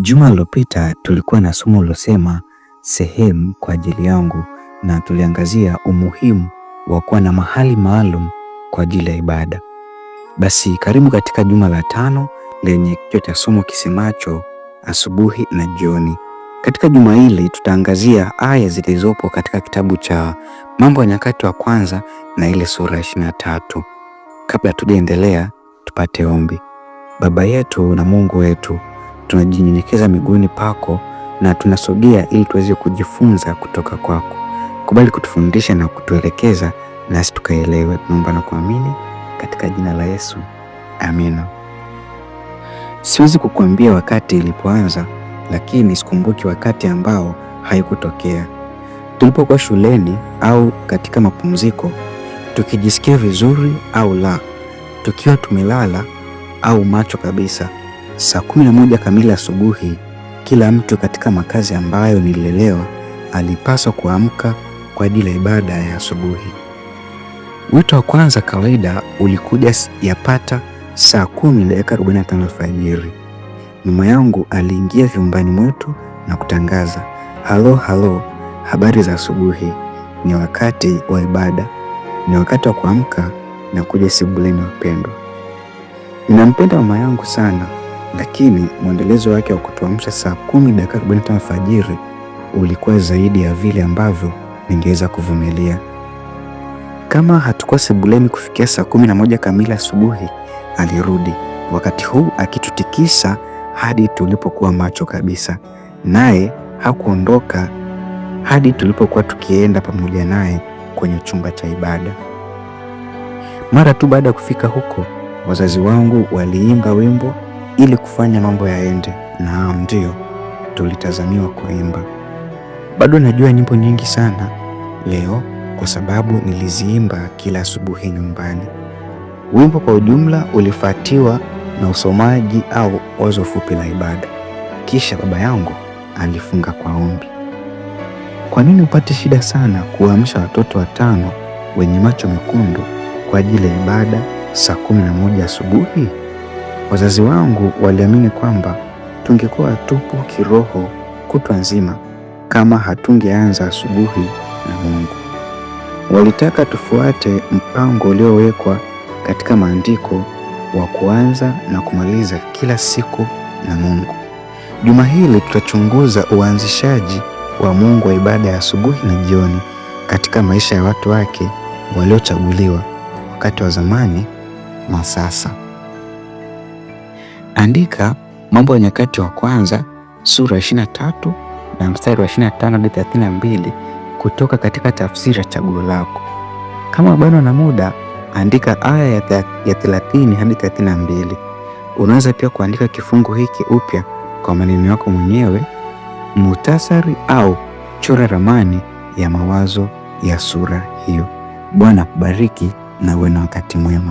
Juma lilopita tulikuwa na somo lilosema sehemu kwa ajili yangu, na tuliangazia umuhimu wa kuwa na mahali maalum kwa ajili ya ibada. Basi karibu katika juma la tano lenye kichwa cha somo kisemacho asubuhi na jioni. Katika juma hili tutaangazia aya zilizopo katika kitabu cha Mambo ya Nyakati wa Kwanza na ile sura ya ishirini na tatu. Kabla tujaendelea, tupate ombi. Baba yetu na Mungu wetu tunajinyenyekeza miguuni pako na tunasogea ili tuweze kujifunza kutoka kwako. Kubali kutufundisha na kutuelekeza nasi tukaelewe. Tunaomba na kuamini katika jina la Yesu, amina. Siwezi kukuambia wakati ilipoanza, lakini sikumbuki wakati ambao haikutokea. Tulipokuwa shuleni au katika mapumziko, tukijisikia vizuri au la, tukiwa tumelala au macho kabisa Saa kumi na moja kamili asubuhi, kila mtu katika makazi ambayo nililelewa alipaswa kuamka kwa ajili ya ibada ya asubuhi. Wito wa kwanza kawaida ulikuja yapata saa kumi dakika 45 alfajiri. Mama yangu aliingia vyumbani mwetu na kutangaza, halo halo, habari za asubuhi, ni wakati wa ibada, ni wakati wa kuamka na kuja sebuleni, wapendwa. Ninampenda mama yangu sana lakini mwendelezo wake wa kutuamsha saa kumi dakika tano alfajiri ulikuwa zaidi ya vile ambavyo ningeweza kuvumilia. Kama hatukuwa sebuleni kufikia saa kumi na moja kamili asubuhi, alirudi, wakati huu akitutikisa hadi tulipokuwa macho kabisa, naye hakuondoka hadi tulipokuwa tukienda pamoja naye kwenye chumba cha ibada. Mara tu baada ya kufika huko, wazazi wangu waliimba wimbo ili kufanya mambo yaende. Naam, ndio tulitazamiwa kuimba. Bado najua nyimbo nyingi sana leo kwa sababu niliziimba kila asubuhi nyumbani. Wimbo kwa ujumla ulifuatiwa na usomaji au ozo fupi la ibada, kisha baba yangu alifunga kwa ombi. Kwa nini upate shida sana kuwaamsha watoto watano wenye macho mekundu kwa ajili ya ibada saa kumi na moja asubuhi? Wazazi wangu waliamini kwamba tungekuwa tupu kiroho kutwa nzima kama hatungeanza asubuhi na Mungu. Walitaka tufuate mpango uliowekwa katika maandiko wa kuanza na kumaliza kila siku na Mungu. Juma hili tutachunguza uanzishaji wa Mungu wa ibada ya asubuhi na jioni katika maisha ya watu wake waliochaguliwa wakati wa zamani na sasa. Andika Mambo ya Nyakati wa Kwanza sura 23 na mstari wa 25 hadi 32 kutoka katika tafsiri ya chaguo lako. Kama bado na muda, andika aya ya 30 hadi 32. Unaweza pia kuandika kifungu hiki upya kwa maneno yako mwenyewe, muhtasari au chora ramani ya mawazo ya sura hiyo. Bwana kubariki na uwe na wakati mwema.